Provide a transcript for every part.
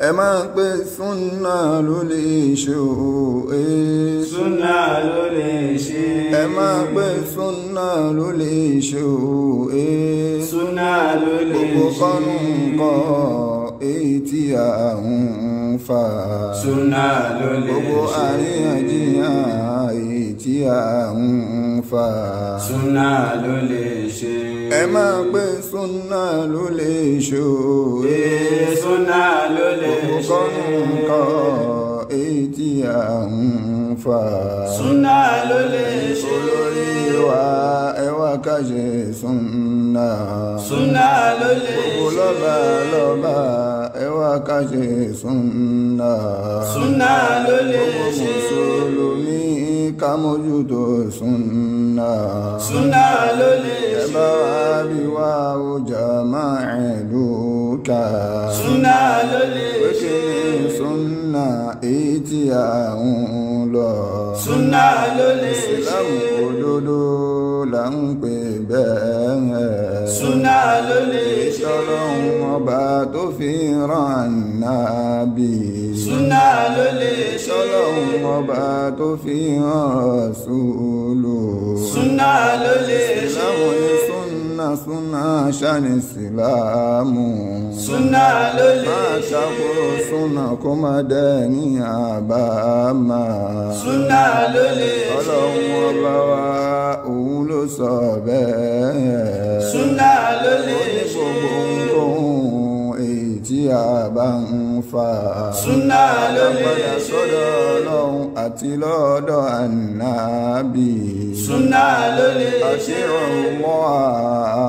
ẹ máa pé súnà ló lè ṣe òwe. súnà ló lè ṣe. ẹ máa pé súnà ló lè ṣe òwe. súnà ló lè ṣe. gbogbo kọ́nù èyí tí a ń fà. súnà ló lè gbogbo àríyànjiyàn èyí tí a ń fà. súnà ló lè ẹ máa pé sunna ló lè ṣó. ee sunna ló lè ṣe. òkúkọ́nù nǹkan èyí tí a ń fà. sunna ló lè ṣe. olórí wa ẹ wá ká ṣe sunna. sunna ló lè ṣe. gbogbo lọ́ba lọ́ba ẹ wá ká ṣe sunna. sunna ló lè ṣe. gbogbo mùsùlùmí sunna. sunna ló lè ṣe liwaawu jamaa'ilu ka. sunna ló lè ṣe. sunna èyí tí a ń lọ. sunna ló lè ṣe. ìsìlámù òdodo là ń pè bẹ́ẹ̀. sunna ló lè ṣe. ìṣọ́lọ́hún ọba tó fi rán nàbì. sunna ló lè ṣe. ìṣọ́lọ́hún ọba tó fi hàn sùúlù. sunna ló lè ṣe. ìsìlámù ní súnà ṣàní síláàmù. súnà ló lè ṣe. má ṣàkóró súnà kó má dẹ́ ní àbámà. súnà ló lè ọlọ́run ọba òun ló sọ bẹ́ẹ̀. súnà ló àbá ń fa. súnà ló lè sọ́dọ̀ ọlọ́run àti lọ́dọ̀ ànábì. súnà ló lè ṣe ọ̀wọ́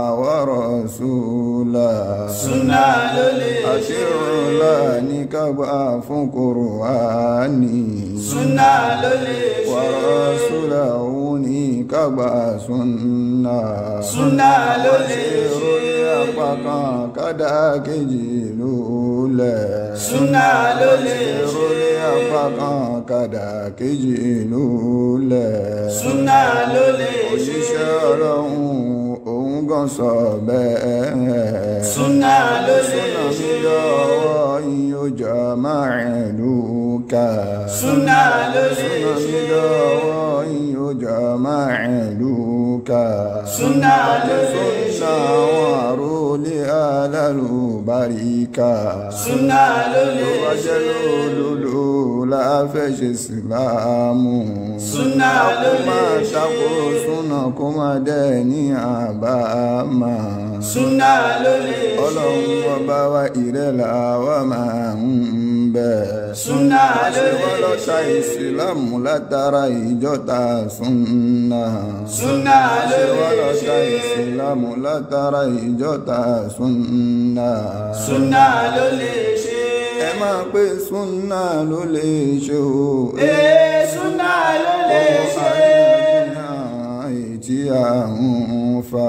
àwọ̀rọ̀ ṣùlá. súnà ló lè ṣe ní kábà fún kùrùwánì. súnà ló lè ṣe wàrọ̀ òun ní kábà súnà. súnà ló lè fọkàn kọ́dà kejì lulẹ̀. súnà ló lè ṣe. fọkàn kọ́dà kejì lulẹ̀. súnà ló lè ṣe. òṣìṣẹ́ ọlọ́run òun gan sọ bẹ́ẹ̀. súnà ló lè ṣe. súnà mi lọ́wọ́ yín máa rìn lù ká. súnà ló lè ṣe. lọ́wọ́ yóò jọ máa ìlú ká. súnà ló lè ṣe. àwọn àròlé alálùbáríkà. súnà ló lè ṣe. wáṣẹ́ lólólò láfẹ̀ṣẹ̀ síláàmù. ṣe. kó kó máa dẹ́ ní àbámà. súnà ló lè ṣe. ọlọ́run ọba wa ìrẹ́là wa máa ń bẹ. súnà lóye. àṣewọ́lọ́ta ìsìlámù látara ìjọta súnà. súnà lóye. àṣewọ́lọ́ta ìsìlámù látara ìjọta súnà. súnà ló ẹ máa pé súnà ló lè ṣe o. ee súnà ló lè ṣe. ọmọ àyè tí a ń fa.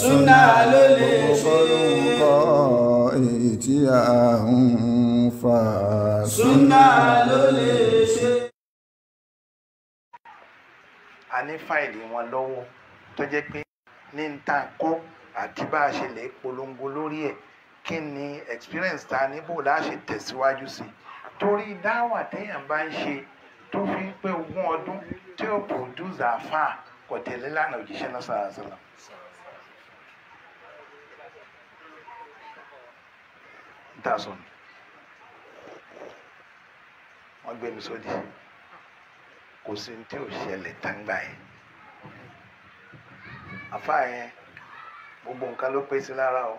súnà ló lè ṣe. ọkọ̀ ló ń kọ́ èyí tí a ń fà á. súnà ló lè ṣe. a ní fáìlì wọn lọ́wọ́ tó jẹ́ pé ní n ta kọ́ àti bá a ṣe lè polongo lórí ẹ̀ kí ni experience ta níbò láṣẹ tẹ̀síwájú sí torí dáwà téèyàn bá ń ṣe tó fi ń pé ogún ọdún tí ó produce àfa kò tẹ̀lé lánàá òjíṣẹ́ náà sọ̀rọ̀ sọ̀rọ̀. That's all wọ́n gbé mi sódì kò sí ní tí ò ṣẹlẹ̀ táǹgbà yẹn afa yẹn gbogbo nǹkan ló pé sí lára o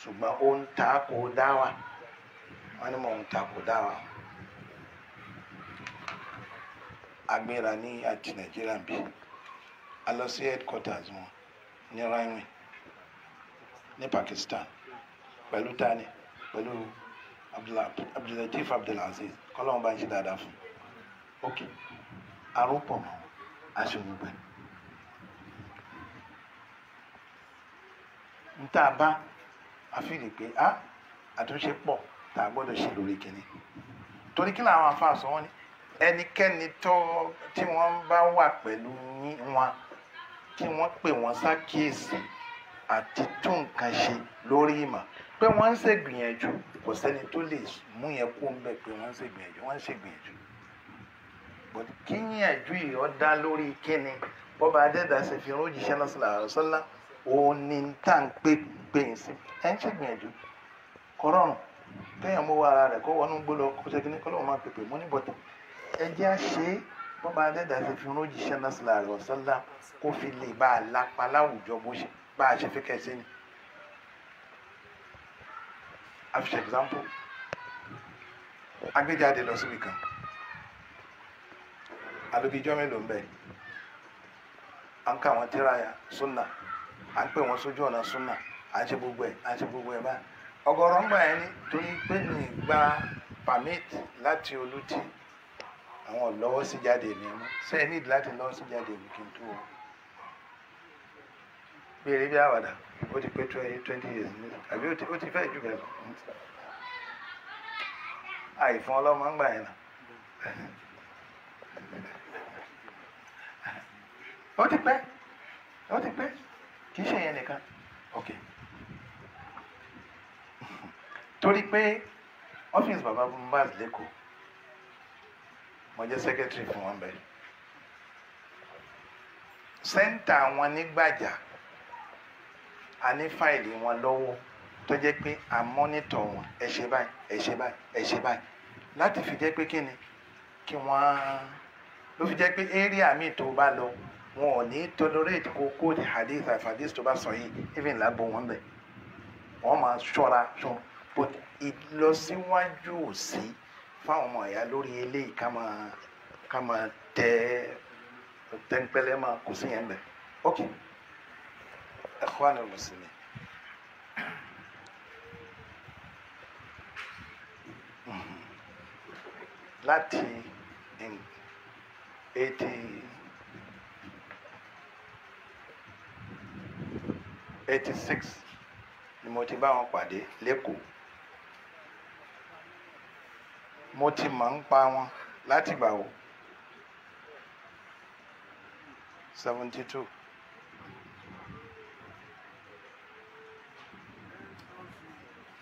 ṣùgbọ́n ó ń ta kò dá wa wọ́n ní mò ń ta kò dá wa agbéra ní àti nàìjíríà bí a lọ sí headquarters wọn ní Rhino ní Pakistan pẹ̀lú tani pẹ̀lú abdulatif abdulaziz kọ́lọ́hún bá ń ṣe dáadáa fún un ok arúpọ̀ mọ́ aṣọ́gbẹ́ n a bá a fi rí pé a àtúnṣe pọ̀ tá a gbọ́dọ̀ ṣe lórí kìíní torí kí làwọn afa sọ wọn ni ẹnikẹ́ni tó tí wọ́n bá wà pẹ̀lú wọn tí wọ́n pè wọ́n ṣàkíyèsí àti tún nǹkan ṣe lórí ìmọ̀ pé wọ́n ń ṣègbìyànjú kò sẹ́ni tó lè mú yẹn kó ń bẹ̀ pé wọ́n ń ṣègbìyànjú wọ́n ń ṣègbìyànjú but kíyànjú yìí ó dá lórí kíni bọ́ba adẹ́dà ṣe fi irun òjìṣẹ́ náà sílẹ̀ àròsọ́lá òun ni tá à ń pè pé ń sìn ẹ̀ ń ṣègbìyànjú kọ́rọ́rùn téèyàn mú ara rẹ̀ kó wọnú gbó lọ kó ṣe kíní kọ́lọ́wọ́n máa pèpè mú níbọ̀tà ẹ jẹ́ à ṣe é bọ́ba ṣe fi irun òjìṣẹ́ náà sílẹ̀ àròsọ́lá kó fi lè bá a lápá láwùjọ bó ṣe bá a ṣe fi kẹ́sẹ́ ni. a example a lọ síbi kan alóbijọ́ mélòó mbẹ́ à ń ka àwọn tíra ya sunna à ń pè wọ́n sójú sunna à ń gbogbo ẹ̀ à ń ṣe gbogbo ẹ̀ báyìí ń gbà yẹn ni torí pé ní gba permit láti àwọn jáde sẹ́yìn láti jáde bí eré bí àwàdà ó ti pé twenty years ní àbí ó ti fẹ́ jù bẹ́ẹ̀ lọ àìfún ọlọ́mọ ń gbà yẹn nà ó ti pẹ́ ó ti pẹ́ kì í ṣe yẹn nìkan ok torí pé ọ́fíìsì bàbá Mohbad lẹ́kọ̀ọ́ mo jẹ́ sẹ́kẹ́tìrì fún wọn bẹ́ẹ̀ sẹ́ńtà wọn ní a ní fáìlì wọn lọ́wọ́ tó jẹ́ pé a mọ́nítọ̀ wọn ẹ ṣe báyìí ẹ ṣe báyìí ẹ ṣe báyìí láti fi jẹ́ pé kí ni kí wọ́n ló fi jẹ́ pé area míì tó bá lọ wọn ò ní tolerate kó kóòdì hadith àti hadith tó bá sọ yìí even lágbo wọn bẹ̀ wọ́n máa ṣọ́ra ṣọ́ but ìlọsíwájú ò sí fáwọn ọmọ ẹ̀yà lórí eléyìí ká máa ká máa tẹ tẹ́ńpẹ́lẹ́ máa kù sí yẹn bẹ̀ okay. اخوان المسلمين láti eighty eighty six ni mo ti bá wọn pàdé lẹ́kọ̀ọ́ mo ti mọ̀ ń pa wọn láti gbà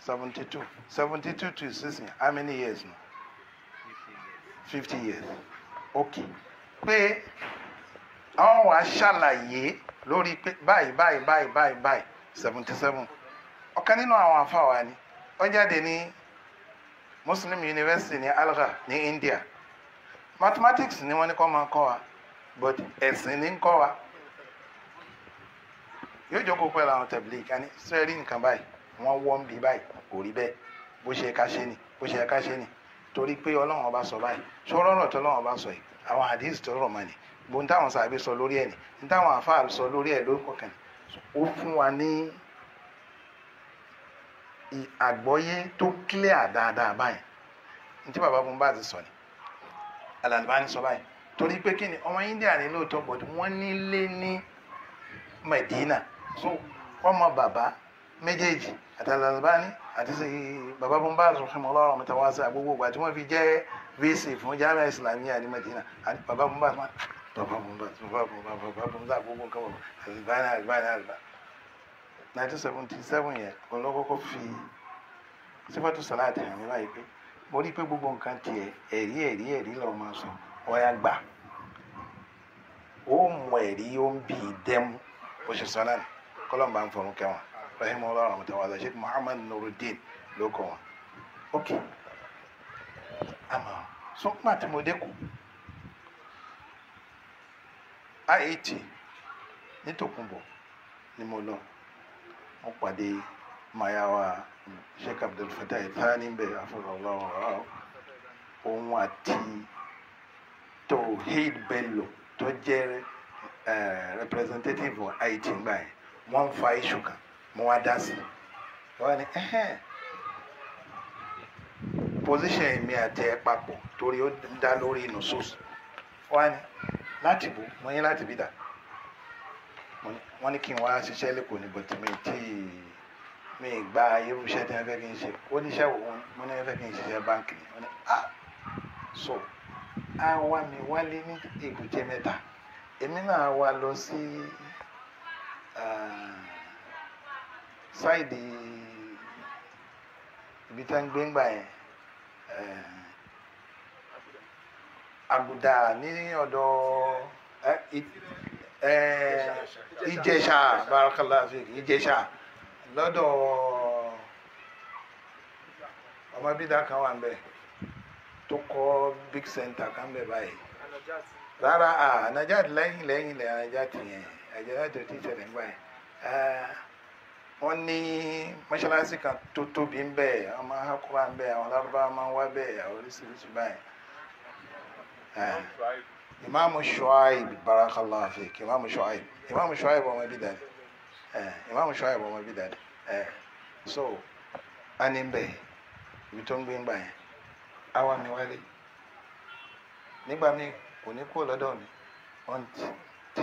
72. 72 to 60. How many years now? 50 years. 50 years. Okay. Pé àwọn wàá ṣàlàyé lórí pé báyìí báyìí báyìí báyìí báyìí seventy seven. Ọ̀kan nínú àwọn afáwa ni ó jáde ní Muslim University ní Alga ní India. Mathematics ni wọ́n ní kọ́ máa kọ́ wa but ẹ̀sìn ní ń kọ́ wa. Yóò jókòó pẹ̀lú àwọn tẹ̀blì kan ní sẹ́rí nǹkan báyìí wọ́n wọ́ ń bí báyìí kò rí bẹ́ẹ̀ bó ṣe ká ṣe ni bó ṣe ká ṣe ni torí pé ọlọ́run ọba sọ báyìí sọ́rọ́rọ̀ tó ọlọ́run ọba sọ yìí àwọn àdìsí tó rọ̀ mọ́ ni gbóhùn táwọn sàbí sọ lórí ẹ̀ ni ní táwọn àfáà sọ lórí ẹ̀ lórúkọ kan ó fún wa ní àgbọ́yé tó clear dáadáa báyìí ní tí bàbá bùnbà ti sọ ni Al-Albani sọ báyìí torí pé kí ni ọmọ India ní lóòótọ́ bọ̀dù wọ́n nílé ní Medina so ọmọ bàbá méjèèjì àti Al-Albani àti baba bọ́mbà sọ̀rọ̀ ọlọ́run mẹ́ta wá sí àgbogbo ìgbà tí fi jẹ́ vc fún jamiu islamiyya ní Madina àti baba bọ́mbà baba bọ́mbà baba bọ́mbà baba bọ́mbà àgbogbo nǹkan bọ̀ Al-Albani al nineteen seventy seven yẹn ọlọ́kọ́kọ́ fi sífàtú sàláàtì hàn mí báyìí pé mo rí i pé gbogbo nǹkan tiẹ̀ ẹ̀rí ẹ̀rí ẹ̀rí lọ́ọ́ máa sọ ọ̀yà gbà ó mọ ẹ̀rí ó ń bì í dẹ́mu bó ṣe sọ náà kọ́lọ́mbà ń fọ̀rún kẹwọn rahimahullah rahmatan wasi'a sheikh muhammad nuruddin ló kọ wọn ok àmọ́ sọgbọn àti mo dẹkùn iat ní tòkunbọ̀ ni mo lọ mo pàdé mayawa sheikh abdul fatah thani bẹ afọlọlọwọ òun àti tohid bello tó jẹ representative iat gbà yẹn wọ́n ń fa iṣu kan mụwa dasi, dá sí position èmi àti ẹ papọ̀ torí ó dá lórí nusus wọ́n ní lati bò mo yín láti bí dà wọ́n ní kí n wá ṣiṣẹ́ lẹ́kọ̀ọ́ ní bọ̀tí mi tí gba irú iṣẹ́ tí wọ́n ah, so a lọ ah, sáìdì ibi tá ń gbé ń gbà yẹn eh, àgùdà ní ọ̀dọ̀ eh, eh, ìjẹ̀ṣà barakalafi ìjẹ̀ṣà lọ́dọ̀ ọmọ bídà kan wà ń bẹ̀ tó kọ́ big center kan bẹ̀ báyìí rárá ànájáde lẹ́yìn lẹ́yìn lẹ́yìn ànájáde yẹn ànájáde tó ti ṣẹlẹ̀ ń yẹn wọ́n ní mọ́ṣáláṣí kan tó tóbi ń bẹ àwọn máa ha kúrò ń bẹ àwọn lárúbáwá máa ń wá bẹ́ẹ̀ àwọn oríṣiríṣi báyìí. imaamu shuaib barakallahu fik imaamu shuaib imaamu shuaib ọmọ ibi dàdí imaamu shuaib ọmọ ibi dàdí so a ní ń bẹ ibi tó ń gbé ń gbà yẹn àwa mi wálé nígbà míì kò ní kúrò lọ́dọ̀ mi ọ̀n tí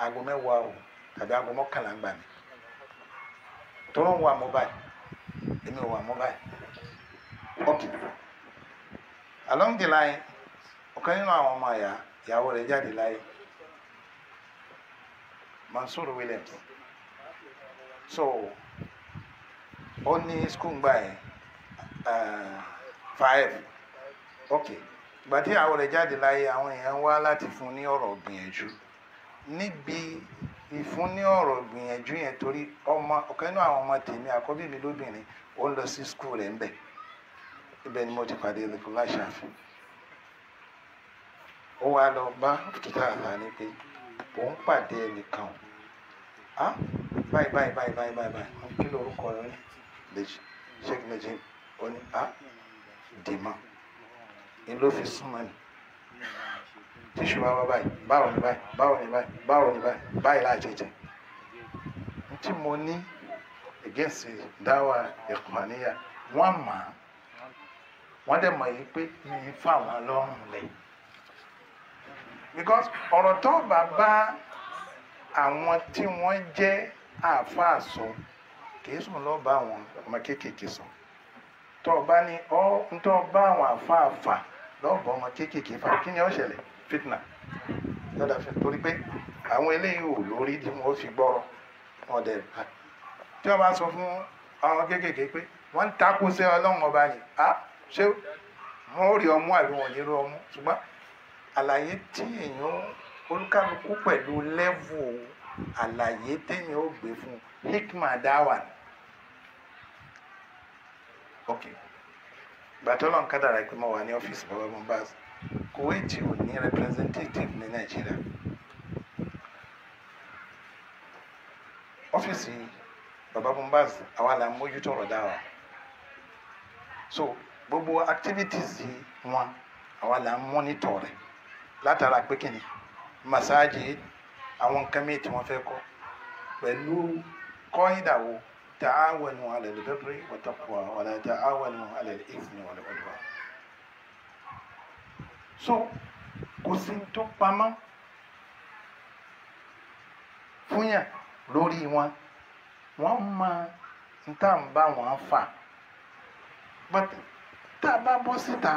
aago mẹ́wàá o tàbí aago mọ́kànlá ń gbà mí tó ń wà mobile èmi ò wà mobile ok along the line ọ̀kan nínú àwọn ọmọ àyà ìyàwó rẹ̀ jáde láyé Mansour Williams so ó ní school gbà yẹn eh, five ok ìgbà tí ìyàwó rẹ̀ jáde láyé àwọn èèyàn wá láti fún un ní ọ̀rọ̀ gbìyànjú níbi ìfún ní ọ̀rọ̀ gbìyànjú yẹn torí ọmọ ọ̀kan nínú àwọn ọmọ tèmi àkọ́bí mi lóbìnrin ó ń lọ sí skul rẹ̀ ńbẹ̀ ibẹ̀ ni mo ti pàdé ẹ̀dẹ̀kùn láṣàfin ó wá lọ bá títà àlàní pé òun pàdé ẹnìkan á báyìí báyìí báyìí báyìí báyìí báyìí kí lorúkọ rẹ ní lèjì sheikh lèjì ó ní á dèmọ ni ló fi súnmọ́ ni tíṣù máa wá báyìí báwo ni báyìí báwo ni báyìí báwo ni báyìí báyìí láì jẹjẹ tí mo ní against dáwà ẹ̀kùnmáníyà wọ́n mọ̀ á wọ́n dẹ̀ mọ̀ yìí pé mi ń fún àwọn lọ́rùn lẹ̀ because ọ̀rọ̀ tó bá bá àwọn tí wọ́n jẹ́ àáfàá sọ kìí sùn lọ́ọ́ bá àwọn ọmọ kéékèèké sọ tó o bá ní ọ́ ń tó bá àwọn àáfàá fà lọ́ọ́ ọmọ kéékèèké fà kí ni ó ṣẹlẹ̀ fitna yọ̀dà fitna torí pé àwọn eléyìí ò lórí tí wọ́n fi gbọ́rọ̀ wọn dẹ̀ tí wọ́n bá sọ fún àwọn kéékèèké pé wọ́n ń takú sí ọlọ́run ọba ni a ṣé wọ́n rí ọmú àbí wọ́n ní rí ọmú ṣùgbọ́n àlàyé tí èèyàn olúkálukú pẹ̀lú lẹ́vù àlàyé téèyàn ó gbé fún hikma dáwà ni. ok gbàtọ́ lọ́nkádàrà pé mo wà ní ọ́fíìsì bàbá mo bá a sọ. Kuwait ò ní representative ní Nàìjíríà. Ọ́fíìsì Baba Mumbaz àwa la mójútó ọ̀rọ̀ So bobo activities wọn àwa la mọ́nítọ̀ rẹ̀ látara pé kíni massage àwọn nǹkan mìíràn tí wọ́n fẹ́ kọ́ pẹ̀lú kọ́ńdà wo ta'awanu 'ala al-birri wa taqwa wa la ta'awanu 'ala al-ithmi wal 'udwan. so kò sí tó lórí wọn wọ́n máa ń tà wọn fà tá a bá bọ́ síta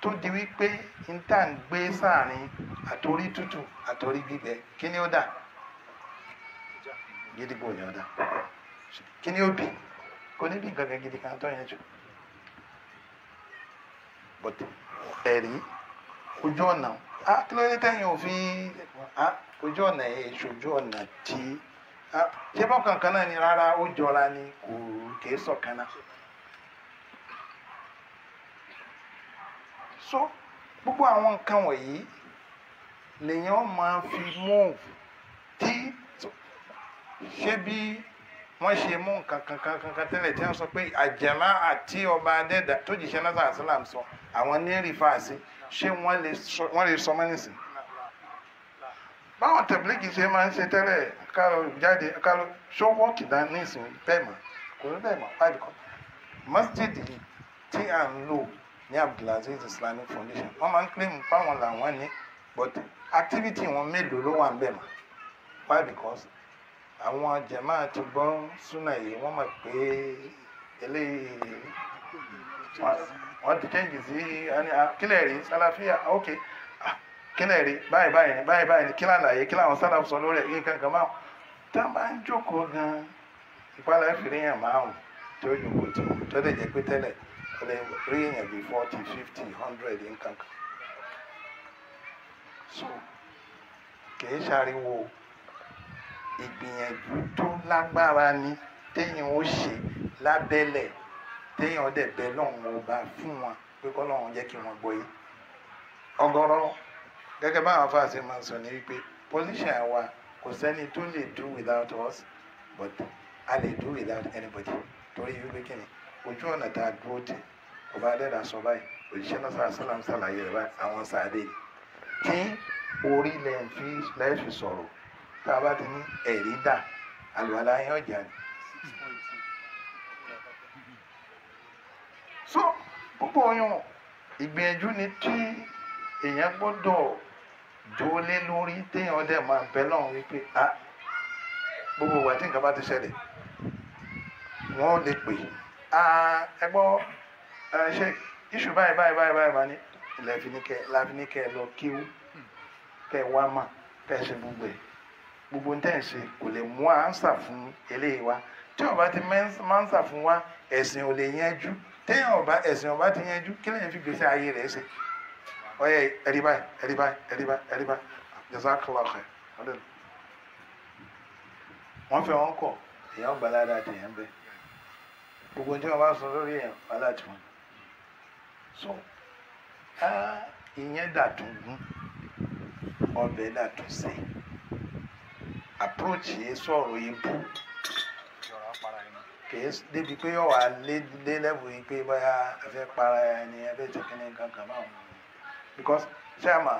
tó di wípé ń tà ń sáàrin àtòrí tútù àtòrí gbígbẹ kí ni ó dà gidigbo ni ó dà kí ni ó bì kò ní bí gidi kan tó yẹn jù but. ẹ̀rí ojú ọ̀nà kí ló dé tẹ̀yìn òfin ojú ọ̀nà ẹ̀ ṣojú ọ̀nà tí ṣé bọ́kàn kan náà ni rárá ó jọra ni kò kìí sọ̀kan náà. so gbogbo àwọn nǹkan wọ̀nyí lèèyàn máa fi move tí ṣé bí wọ́n ṣe mú nǹkan kankan kankan tẹ́lẹ̀ tí wọ́n sọ pé àjẹmá àti ọba adẹ́dà tó jìṣẹ́ náà sàlám sọ àwọn ní rìfáàsì ṣé wọ́n lè sọ mẹ́nìsì. báwọn tẹ̀blíkì ṣe máa ń ṣe tẹ́lẹ̀ káró jáde káró ṣó wọ́ọ̀kì dání ìsìn bẹ́ẹ̀ mọ̀ kò ní bẹ́ẹ̀ mọ̀ báyìí kọ́. masjid yìí tí à ń lò ní abdulaziz islamic foundation wọ́n máa ń claim fáwọn làwọn ní but activity wọn mélòó ló wà ń bẹ̀ mọ̀ why because àwọn jẹ̀má ti gbọ́ súnà yìí wọ́n mọ̀ pé eléyìí wọ́n ti kéǹgì sí ah, kílẹ̀ rí sálàfíà ah, ok ah, kílẹ̀ rí báyìí báyìí ni báyìí báyìí ni kílà àlàyé kílà àwọn sálàfù sọ lórí ẹ̀yìn kankan máa tá a bá ń jókòó gan ìpalẹ̀ fìríyàn márùn tí ó yòókù tó tó lè jẹ́ pé tẹ́lẹ̀ so kì í ìgbìyànjú tó lágbára ni téèyàn ó ṣe lábẹ́lẹ̀ téèyàn dẹ̀ bẹ́ lọ́hùn ọba fún wọn pé kọ́ lọ́hùn jẹ́ kí wọ́n gbọ́ yìí. ọ̀gọ̀rọ̀ gẹ́gẹ́ báwọn afáàsì máa ń sọ ní wípé position wa kò sẹ́ni tó lè do without us but a lè do without anybody torí wípé kí ni ojú ọ̀nà tá a dúró tì ọba adẹ́dà sọ báyìí òjíṣẹ́ náà sàlá sàlám sàlàyé rẹ̀ báyìí àwọn sàádé tí orí lẹ́yìn fi sọ̀rọ̀ tá a bá ti ní ẹ̀rí dà àlùwàlá yẹn ọ̀jà ni. so púpọ̀ oyún ìgbìyànjú ni tí èèyàn gbọ́dọ̀ jólé lórí téèyàn dẹ̀ máa bẹ́ lọ́hùn wípé a ah, gbogbo ìwà tí nǹkan bá ti ṣẹlẹ̀ wọ́n lè pè á ah, ẹgbọ́ ṣe iṣu báyìí báyìí báyìí báyìí báyìí ní ilẹ̀ láfiníkẹ́ lọ kíw kẹ́ wá mà kẹ́ ṣe gbogbo ẹ̀ gbogbo ń tẹ̀sẹ̀ kò lè mú ànsà fún eléyìí wá tí ọba ti máa ń sà fún wa ẹ̀sìn ò lè yanjú téèyàn ọba ẹ̀sìn ọba ti yanjú kí lèyàn fi gbèsè ayé rẹ̀ ṣe ọyẹ ẹ̀rí báyìí ẹ̀rí báyìí ẹ̀rí báyìí ẹ̀rí báyìí jazakallahu khair wọ́n fẹ́ wọn kọ̀ èèyàn gbalada tèèyàn bẹ́ẹ̀ gbogbo tí wọn bá sọ lórí èèyàn aláàtì wọn so ìyẹn dàtún gún ọbẹ̀ dàtún sẹ́yìn approach yìí sọ̀rọ̀ yìí bù kìí débi pé yọ wà lé lẹ́bù yìí pé báyà afẹ́ para ẹ ni afẹ́ tẹkínní kankan máa wù because ṣé àmà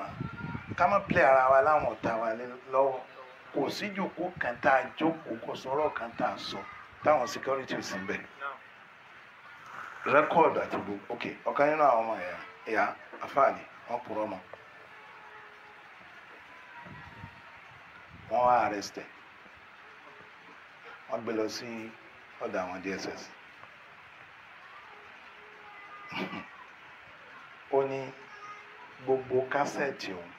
ká má play ara wa láwọn ọ̀tá wa lọ́wọ́ kò sí jòkó kan tá a jókòó kò sọ̀rọ̀ kan tá a sọ táwọn security ò sí ń bẹ̀ record àti gbogbo ok ọ̀kan nínú àwọn ọmọ ẹ̀yà ẹ̀yà afáàní wọn kúrọ́ mọ́. wọ́n wá wọ́n gbé lọ sí ọ̀dọ̀ àwọn DSS ó ní gbogbo kásẹ̀tì òun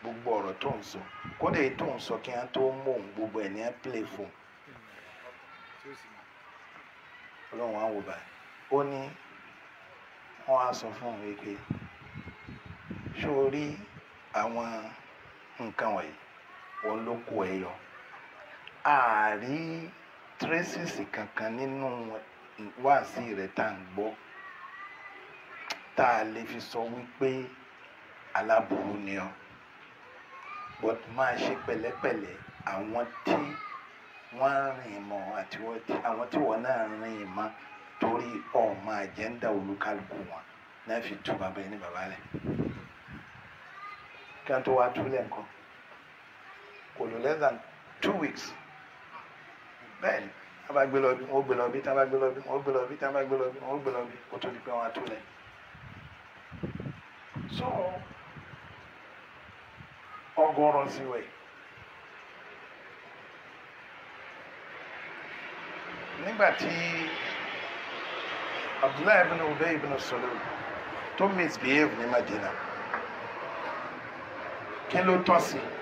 gbogbo ọ̀rọ̀ tó ń sọ kódà èyí tó ń sọ kí tó mú òun gbogbo ẹ̀ ní play fún ó ní wọ́n á sọ fún òun wípé ṣó rí àwọn nǹkan wọ̀nyí òun ló kó ẹ yọ ààrí traces kankan nínú wáàsí rẹ tá à ń gbọ́ tá a lè fi sọ wípé aláburú ni ọ but máa ṣe pẹ̀lẹ́pẹ̀lẹ́ àwọn tí wọ́n rìn mọ́ àti àwọn tí wọ́n náà rìn mọ́ torí ọmọ àjẹ́ńdà olúkálùkù wọn náà fi tú bàbá ẹni bàbá rẹ̀ kí wọ́n tó wá túlẹ̀ nǹkan kò lò less than two weeks bẹ́ẹ̀ ni tá bá gbé lọ bí wọ́n gbé lọ bí tá bá gbé lọ bí wọ́n gbé lọ bí tá bá gbé lọ bí wọ́n gbé lọ bí kó tó di pé wọ́n á tó lẹ̀. so ọgọ́rọ̀ sí wẹ̀. nígbà tí Abdullahi ibn Ubay ibn Salul tó misbehave ní Madina kí ló tọ́ sí i.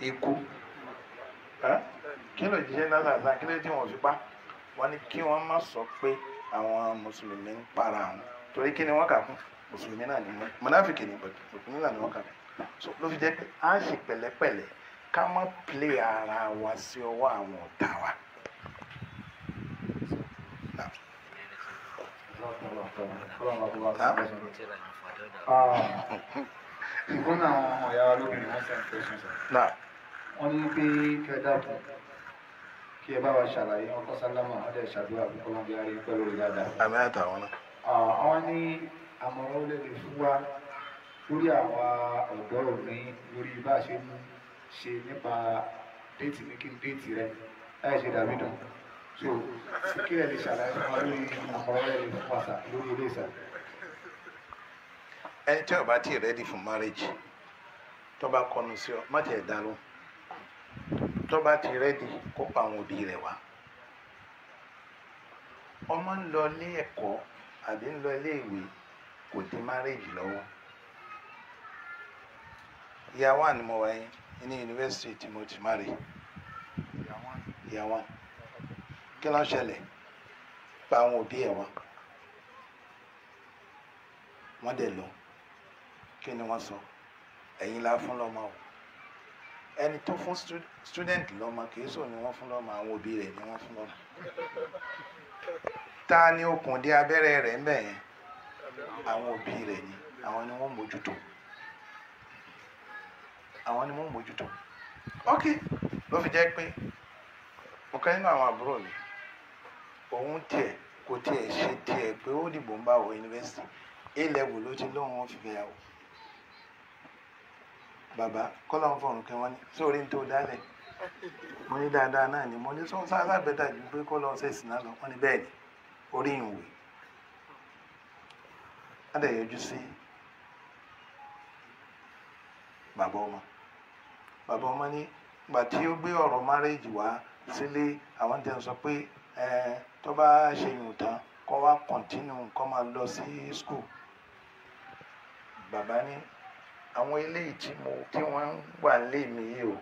ikú kí ló jíṣẹ́ náà sàn kí ló tí wọ́n fi pa wọ́n ní kí wọ́n má sọ pé àwọn mùsùlùmí ń para àwọn torí kí ni wọ́n kà fún mùsùlùmí náà ni wọ́n mọ̀náfíkì ni mùsùlùmí náà ni wọ́n kà fún ló fi jẹ́ pé à ń ṣe pẹ̀lẹ́pẹ̀lẹ́ ká má plé ara wa sí ọwọ́ àwọn ọ̀tá wa. ah àwọn ọmọ ìyá wa lóbìnrin wọn sẹ́ni tó ṣùṣà wọ́n ní pé kí ẹ dákun kí ẹ bá wa ṣàlàyé ọkọ sálámà ọdẹ ṣàdúrà kọlọ bí arí pẹ̀lú rẹ dáadáa. àmì àtà wọn náà. àwọn ní àmọ̀ràn olè lè fún wa lórí àwa ọ̀dọ́ òní lórí bá a ṣe ń ṣe nípa déètì ní kí n déètì rẹ láì ṣe dàbí dùn so kí ẹ lè ṣàlàyé fún wa lórí àmọ̀ràn olè lè fún wa sà lórí ilé ìsà. ẹ tí ọba tí ì rẹ́dí fún márẹ́jì tó bá sí ọ má tiẹ̀ dá lóhùn tó bá ti rẹ́dì kó pa àwọn òbí rẹ̀ wá ọmọ ń lọ ilé ẹ̀kọ́ àbí ń lọ ilé ìwé kò dé márèjì lọ́wọ́ ìyá wa ni mo wáyé ní yunifásitì tí mo ti márè ìyá wa kí ló ń ṣẹlẹ̀ pa àwọn òbí ẹ̀ wá wọ́n dẹ̀ lọ kí ni wọ́n sọ ẹ̀yin la fún lọ́mọ o ẹni tó fún student lọ́mọ kìí sọ ni wọ́n fún lọ́mọ àwọn òbí rẹ̀ ni wọ́n fún lọ́mọ ta ni okùn dé abẹ́rẹ́ rẹ̀ ń bẹ̀ yẹn àwọn òbí rẹ̀ ni àwọn ni wọ́n mójútó àwọn ni wọ́n mójútó ok ló fi jẹ́ pé mo kẹ́ nínú àwọn àbúrò mi òun tiẹ̀ kò tiẹ̀ ṣe tiẹ̀ pé ó dìbò ń bá wọ yunifásitì a level ló ti lóun ó fi fẹ́ yàwó bàbá kọ́lá ń fọ̀rùn kẹ́ wọ́n ní sórí ní tó dálẹ̀ mo ní dáadáa náà ni mo ní sọ sáà bẹ́tà ju pé kọ́lá ọ̀sẹ̀ sì náà lọ wọ́n ní bẹ́ẹ̀ ni orí ìwé adẹ̀ yọjú sí bàbá ọmọ bàbá ọmọ ní gbà tí ó gbé ọ̀rọ̀ márẹ́jì wá sílé àwọn tẹ̀ ń sọ pé tó bá ṣe yùn tán kọ́ wá kọ̀ntínú kọ́ máa lọ sí skul bàbá ní àwọn eléyìí tí mo tí wọ́n wà lé mi yìí o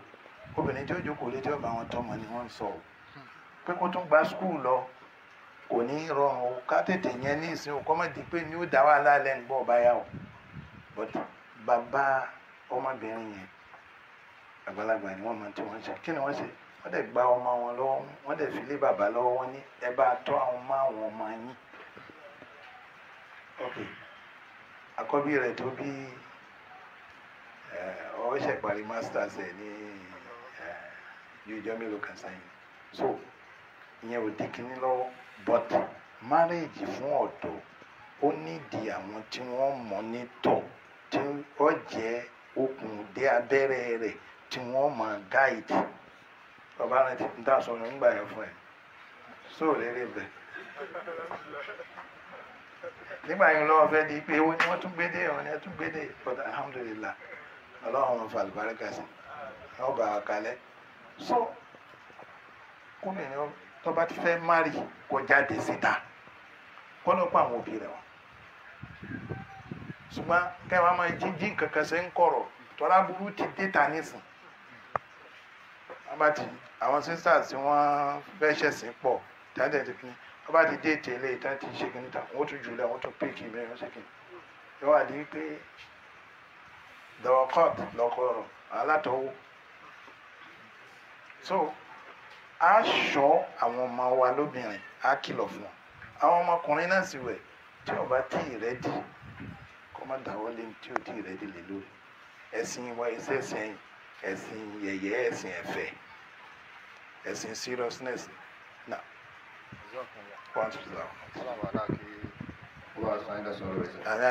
obìnrin tí ó jókòó lé tí ó bá wọn tọ́mọ ni wọ́n ń sọ o pé kó tún gba skul lọ kò ní í rọrùn o ká tètè yẹn ní ìsìn o pé ni ó dá wàhálà lẹ́nu ọba yá o but bàbá ọmọbìnrin yẹn àgbàlagbà ni wọ́n máa tí wọ́n ṣe kí ni wọ́n ṣe wọ́n dẹ̀ gba ọmọ wọn lọ́wọ́ wọ́n dẹ̀ fi lé bàbá lọ́wọ́ wọn ní ẹ bá tọ́ àwọn ọmọ àwọn ọmọ yín ok àkọ́bí rẹ̀ tó bíi. Eh, ọ ṣe masters ẹ ní ju eh, ìjọ so ìyẹn ò lọ́wọ́ fún ọ̀dọ́ ó àwọn tí wọ́n mọ́nítọ̀ tí ọ jẹ́ okùn dé abẹ́rẹ́ rẹ̀ tí wọ́n máa guide bàbá rẹ ti ń tà sọ̀rọ̀ ń gbà yẹn so rere nígbà yẹn lọ́wọ́ fẹ́ di pé wọ́n tún gbé dé tún gbé dé but ọlọ́run fa àlùbáríkà sí ọ bá a kalẹ̀ so kúnlẹ̀ ni tó bá ti fẹ́ mari kó jáde síta kó ló pa àwọn òbí rẹ̀ wọ́n ṣùgbọ́n kẹwàá máa jíjí kankan ṣe ń kọ̀rọ̀ tọ́lá burú ti dé ta nísìn abati àwọn sisters tí wọ́n fẹ́ ṣẹ̀sìn pọ̀ tẹ́lẹ̀ tí kìíní abati dé tẹ́lẹ̀ tí wọ́n ti ṣe kìíní ta wọ́n tún jùlọ wọ́n tún pè kìíní mẹ́rin ṣe kìíní yọ pé dawakọt lọkọrọ alátọwọ so a ṣọ́ àwọn ọmọ wa lóbìnrin a kìlọ̀ fún wọn àwọn ọmọkùnrin náà sì wẹ̀ tí ó bá tí ì rẹ́dí kó má dáwọ́ lé tí ò tí ì rẹ́dí lé lórí ẹ̀sìn wa iṣẹ́ ẹ̀sìn ẹ̀sìn yẹ̀yẹ́ ẹ̀sìn ẹ̀fẹ̀ ẹ̀sìn seriousness na. Àwọn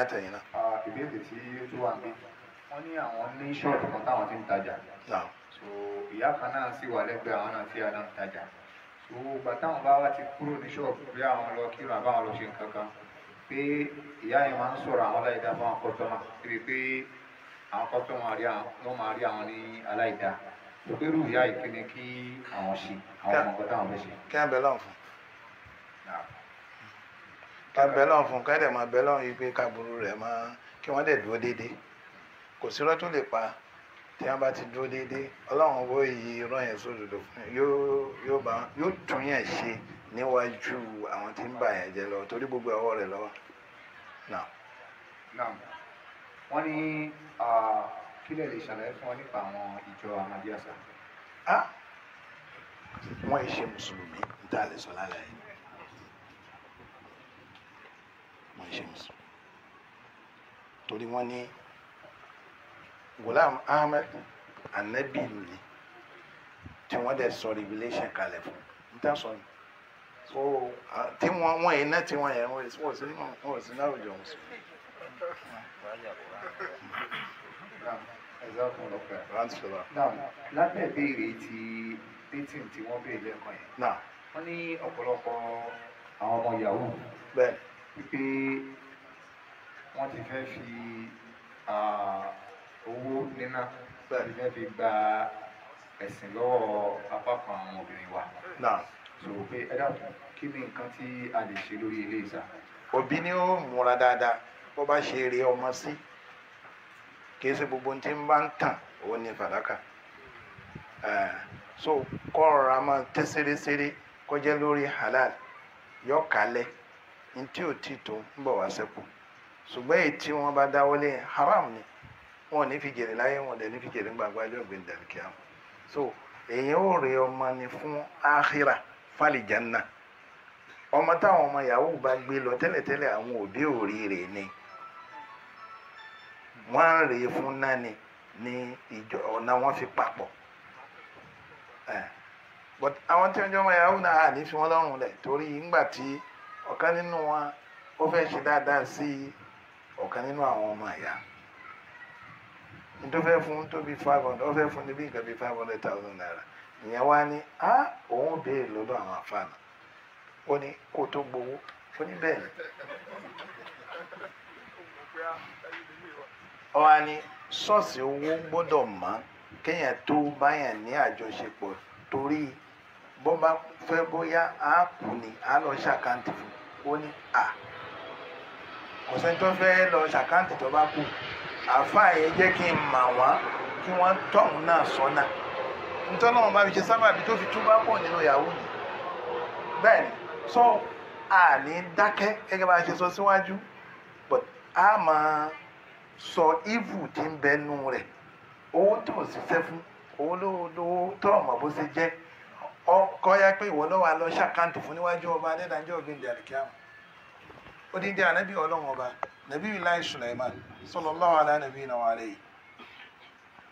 àtẹ̀yìn náà. Ah, ìbéèrè tí ó tún wà níbi wọ́n ní àwọn ní ṣọ́ọ̀tù kan táwọn ti ń tajà so ìyá kan náà sì wà lẹ́gbẹ̀ẹ́ àwọn náà tí a náà ń tajà so ìgbà táwọn bá wá ti kúrò ní ṣọ́ọ̀bù bí àwọn lọ kírun àbáwọn lọ ṣe nǹkan kan pé ìyá yẹn máa ń sọ̀rọ̀ àwọn aláìda fún àwọn kọ́tọ́mà síbi pé àwọn kọ́tọ́mà wọ́n máa rí àwọn ní aláìda pẹ̀lú ìyá ìpinnu kí àwọn ṣe àwọn ọmọ nǹkan táwọn fẹ́ ṣe. kí á bẹ lọ́n fún ká bẹ lọ́n fún ká dẹ̀ máa bẹ lọ́n yìí pé káàbùrú rẹ̀ máa kí wọ́n dẹ̀ dúró déédéé kò sí irọ́ tó lè pa tí wọ́n bá ti dúró déédéé ọlọ́run owó yìí irọ́ yẹn sódodo fún yóò tún yẹn ṣe níwájú àwọn tí ń bà yẹn jẹ́ lọ torí gbogbo ọwọ́ rẹ̀ lọ́wọ́ náà. náà wọ́n ní kí lè lè ṣàlàyé fún ọ nípa àwọn ìjọ amadíàṣà. wọ́n ń ṣe mùsùlùmí níta lè sọ lálẹ́ yìí wọ́n ń ṣe mùsùlùmí torí wọ́n ní. Ghulam Ahmed anabi ni tí wọ́n dẹ̀ sọ revelation kalẹ̀ fún n tẹ́ sọ ni so tí wọ́n wọ́n yẹn náà tí wọ́n yẹn wọ́n wọ́n sí náà wọ́n sí náà òjò wọn sọ. lábẹ́ ìbéèrè ti dating tí wọ́n béèrè lẹ́kọ̀ọ́ yẹn wọ́n ní ọ̀pọ̀lọpọ̀ àwọn ọmọ yahoo wípé wọ́n ti fẹ́ fi. owó nina sáàdì náà fi gba ẹ̀sìn lọ́wọ́ apá àwọn obìnrin wa. sọ pé ẹ a lè ṣe lórí ilé ìsà. ni ó múra dáadáa bó bá ṣe ọmọ sí gbogbo tí ń bá ń tàn òun ni fàdákà. Eh, so kọ́ ọ̀rọ̀ halal yọ ní tí ò tó ń bọ̀ wá sẹ́kù ṣùgbọ́n èyí tí wọ́n bá ni. wọn ò ní fi jèrè láyé wọn dẹ̀ ní fi jèrè gbàgbà ilé ọ̀gbìn dàlùkìá so èèyàn ò rè ọmọ ni fún áhírà fàlìjánná ọmọ táwọn ọmọ yahoo bá gbé lọ tẹ́lẹ̀tẹ́lẹ̀ àwọn òbí ò rí rè ni wọ́n ń rè fún náà ni ní ìjọ ọ̀nà wọn fi papọ̀ but àwọn tí wọ́n jọ ọmọ yahoo náà à ní fi wọ́n lọ́rùn lẹ̀ torí ńgbà tí ọ̀kan nínú wọn ó fẹ́ ṣe dáadáa sí ọ̀kan nínú àwọn ọmọ ìyá tó fẹ́ to tó five hundred ó fẹ́ fún ní bí nǹkan five hundred thousand naira ìyẹn wá ní òun béèrè lọ́dọ̀ àwọn àfààní ó ní kó tó gbowó ó ní bẹ́ẹ̀ ni ó wá ní ṣọ́ọ̀ṣì owó gbọ́dọ̀ mọ́ kéèyàn tó báyàn ní àjọṣepọ̀ torí bó bá fẹ́ bóyá á kù ní á lọ ṣàkáǹtì fún ó ní à kò sẹ́ni tó fẹ́ lọ ṣàkáǹtì tó bá kù. àáfàá yẹn jẹ́ kí n mà wọ́n kí wọ́n tọ̀hún náà sọ́nà nítorí wọn bá fi ṣe sábàbí tó fi túbá pọ̀ nínú yahoo ni bẹ́ẹ̀ ni sọ ní dákẹ́ gẹ́gẹ́ bá a ṣe sọ síwájú but a máa sọ ivu tí ń bẹnu rẹ̀ owó tó fún owó lówó tó ọmọ bó ṣe ya pé ìwọ lọ́wọ́ alọ́ fún níwájú ọba adédájọ́ ọlọ́run ọba nabi ilayi suleiman sallallahu ala nabi na wa alayhi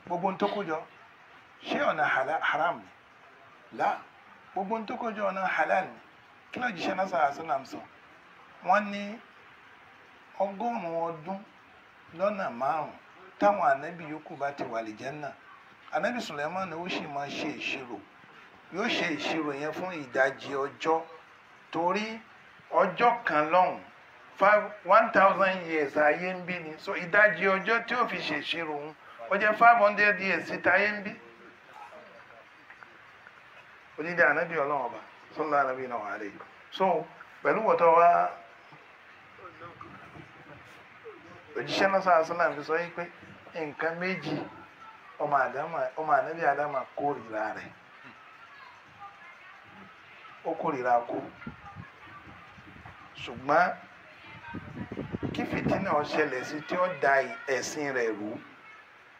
gbogbo n tó kójọ ṣé ọ̀nà haram ni la gbogbo n tó kójọ ọ̀nà halal ni kí ló jíṣẹ́ náà sàrà sí nàmsọ wọ́n ní ọgọ́rùn-ún ọdún lọ́nà márùn-ún táwọn ànábì yòókù bá ti wà lè jẹ́ suleiman ni ó sì máa ṣe ìṣirò yóò ṣe ìṣirò yẹn fún ìdajì ọjọ́ torí ọjọ́ kan lọ́hùn five one thousand years ayé ń bí ni so ìdajì ọjọ́ tí ó fi ṣèṣirò òun ó jẹ́ five hundred years ti ayé ń bí onídàá anábì ọlọ́run ọba sọlá anábì náà wà lẹ́yìn so pẹ̀lú wọ́tọ́ wá òjíṣẹ́ náà sọ àṣọ náà fi sọ yìí pé nǹkan méjì ọmọ anábì adama kórìíra rẹ̀ ó kórìíra kó ṣùgbọ́n kí fìtínà ọ̀ṣẹlẹ̀ sí tí ó da ẹ̀sìn rẹ̀ rú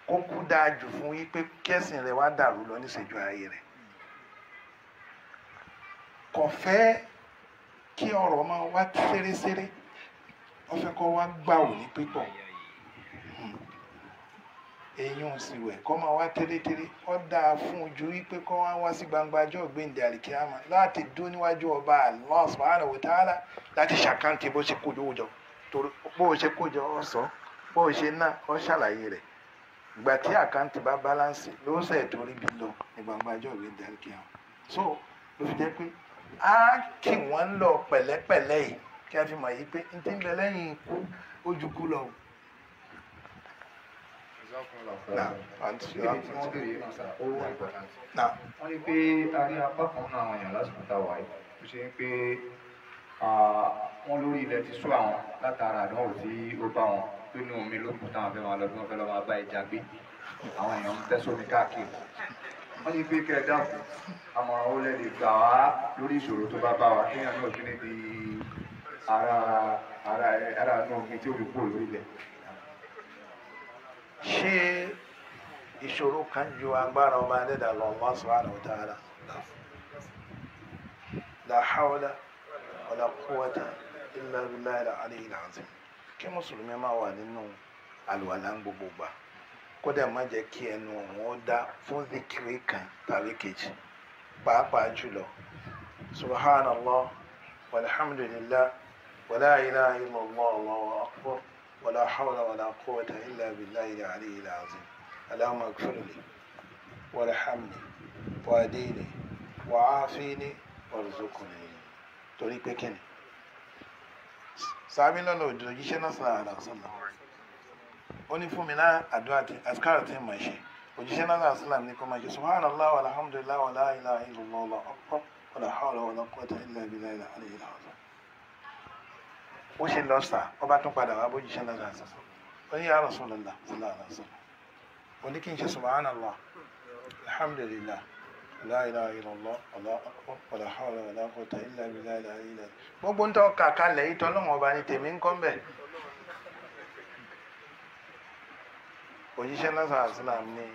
kó kú dáa jù fún wípé kẹ́sìn rẹ̀ wá dàrú lọ níṣẹ́jú ayé rẹ̀ kò fẹ́ kí ọ̀rọ̀ máa wá séréséré ó fẹ́ kó wá gbà ò ní pípọ̀ èyàn sì wẹ̀ kó máa wá télétélé ó dáa fún ojú wípé kó wá wá sí gbangba ọjọ́ ògbéǹde àlìkíyàmá láti dún níwájú ọba Allah subhanahu wa ta'ala láti ṣàkántì bó ṣe kó lówó jọ torí bó o ṣe kójọ ọ sọ bó o ṣe ná ọ ṣàlàyé rẹ̀ ìgbà tí àkáǹtì bá balance ló ń sẹ̀ torí bí lọ ní gbangba ọjọ́ ìwé dẹ́rẹ́kì hàn so ló fi jẹ́ pé a kì wọ́n ń lọ pẹ̀lẹ́pẹ̀lẹ́ yìí kí a fi mọ̀ yìí pé n ti ń bẹ lẹ́yìn ikú ojú kú lọ. wọ́n ní pé a rí apá kan náà àwọn èèyàn lásìkò tá a wà yìí ó ṣe ń pé wọn lórí ilẹ̀ ti sú àwọn látara àdánwò tí ó bá wọn tó ní omi lókun táwọn fẹ́ máa lọ bí wọ́n fẹ́ lọ́ máa bá ìjà gbé àwọn èèyàn ń tẹ́ káàkiri wọ́n ní pé kẹ́ ẹ dákun àmọ́ ó lè lè gbà wá lórí ìṣòro tó bá bá wa kéèyàn náà fi ní di ara ara ara inú omi tí ó fi kúrò lórí ilẹ̀. ṣé ìṣòro kan ju agbára ọba adẹ́dàá lọ Allah subhanahu wa ta'ala la hawla wala ilà wíwá ilà alẹ́ ilà azim kí mùsùlùmí máa wà nínú àlùwàlà ń gbogbo gbà kódà má jẹ́ kí ẹnu ọ̀hún ó dá fún zikiri kan tàbí kejì pàápàá jùlọ subhanallah walhamdulillah wàlá ilà ilàlá wàlá akbar wàlá hawla wàlá quwwata ilà bìlá ilà alẹ́ ilà azim aláwọ̀ wàdíni wàáfíni wàrúzùkùnrin torí pé kíni sàmì lọ́nà òjíṣẹ́ náà sọ̀rọ̀ àrà sọ̀lá ó ní fún mi náà àdúrà tí àsìkárà tí mà ṣe òjíṣẹ́ náà sọ̀rọ̀ sọ̀lá ní kò máa ṣe subhanallah walhamdulillah wala ilaha illallah wala ọkọ wala hawla wala quwwata illa billahi ilà alẹ́ ilà ọ̀sán. ó ṣe lọ sà ó bá tún padà wá bójíṣẹ́ náà sọ̀rọ̀ ó ní ya Rasulullah sọ̀rọ̀ sọ̀rọ̀ ó ní la ilaha illallah Allahu akbar wala hawla wala quwwata illa billahi la ilaha illa gbogbo ń tọ́ kàkà lẹ́yìn tọ́lọ́wọ́n ọba ni tèmi ń kọ́ mbẹ́. òjíṣẹ́ lásán ni